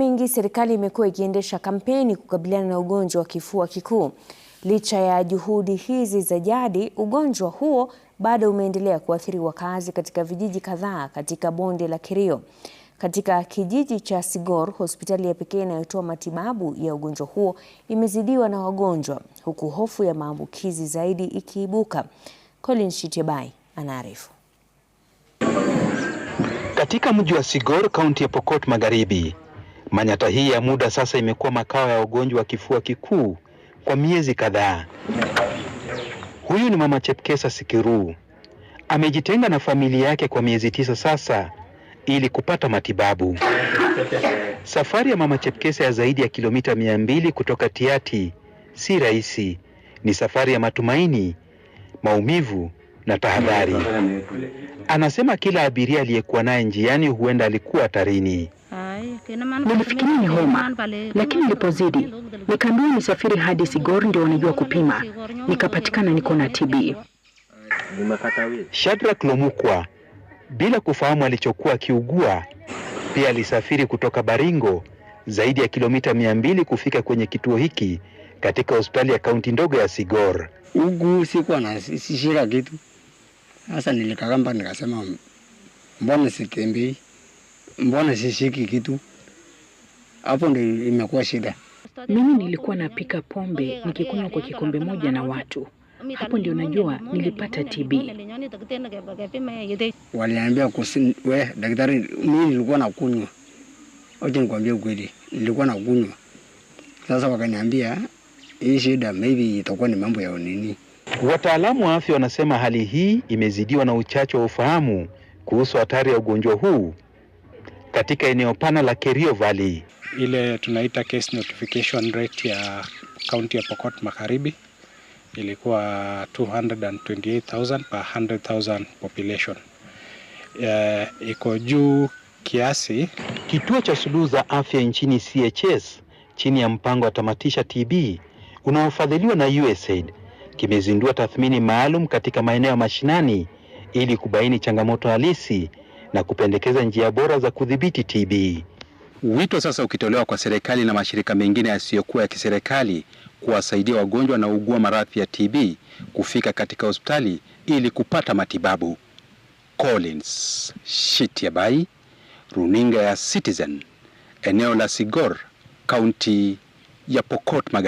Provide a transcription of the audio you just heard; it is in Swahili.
mingi serikali imekuwa ikiendesha kampeni kukabiliana na ugonjwa wa kifua kikuu. Licha ya juhudi hizi za jadi, ugonjwa huo bado umeendelea kuathiri wakazi katika vijiji kadhaa katika bonde la Kerio. Katika kijiji cha Sigor, hospitali ya pekee inayotoa matibabu ya ugonjwa huo imezidiwa na wagonjwa, huku hofu ya maambukizi zaidi ikiibuka. Colin Shitebai anaarifu. Katika mji wa Sigor, kaunti ya Pokot Magharibi, Manyata hii ya muda sasa imekuwa makao ya wagonjwa wa kifua kikuu kwa miezi kadhaa. Huyu ni Mama Chepkesa Sikiruu, amejitenga na familia yake kwa miezi tisa sasa ili kupata matibabu. Safari ya Mama Chepkesa ya zaidi ya kilomita mia mbili kutoka tiati si rahisi. Ni safari ya matumaini, maumivu na tahadhari. Anasema kila abiria aliyekuwa naye njiani huenda alikuwa hatarini nilifikiria ni homa, lakini nilipozidi nikaambiwa nisafiri hadi Sigori, ndio wanajua kupima, nikapatikana niko na TB. Shadrack Lomukwa bila kufahamu alichokuwa akiugua, pia alisafiri kutoka Baringo zaidi ya kilomita mia mbili kufika kwenye kituo hiki katika hospitali ya kaunti ndogo ya Sigor. Ugu sikuwa na sishira kitu. Sasa nilikagamba nikasema, mbona sitembei, mbona sishiki kitu hapo ndio imekuwa shida. Mimi nilikuwa napika pombe nikikunywa kwa kikombe moja na watu, hapo ndio najua nilipata TB. Waliambia kusi, we daktari, mimi nilikuwa nakunywa, wacha nikwambie ukweli, nilikuwa nakunywa. Sasa wakaniambia hii shida maybe itakuwa ni mambo ya nini. Wataalamu wa afya wanasema hali hii imezidiwa na uchache wa ufahamu kuhusu hatari ya ugonjwa huu katika eneo pana la Kerio Valley. Ile tunaita case notification rate ya kaunti ya Pokot Magharibi ilikuwa 228,000 per 100,000 population. Uh, iko juu kiasi. Kituo cha suluhu za afya nchini CHS chini ya mpango wa tamatisha TB unaofadhiliwa na USAID kimezindua tathmini maalum katika maeneo ya mashinani ili kubaini changamoto halisi na kupendekeza njia bora za kudhibiti TB. Wito sasa ukitolewa kwa serikali na mashirika mengine yasiyokuwa ya kiserikali kuwasaidia wagonjwa na ugua maradhi ya TB kufika katika hospitali ili kupata matibabu. Collins Shitiabai, runinga ya Citizen, eneo la Sigor, kaunti ya Pokot Magharibi.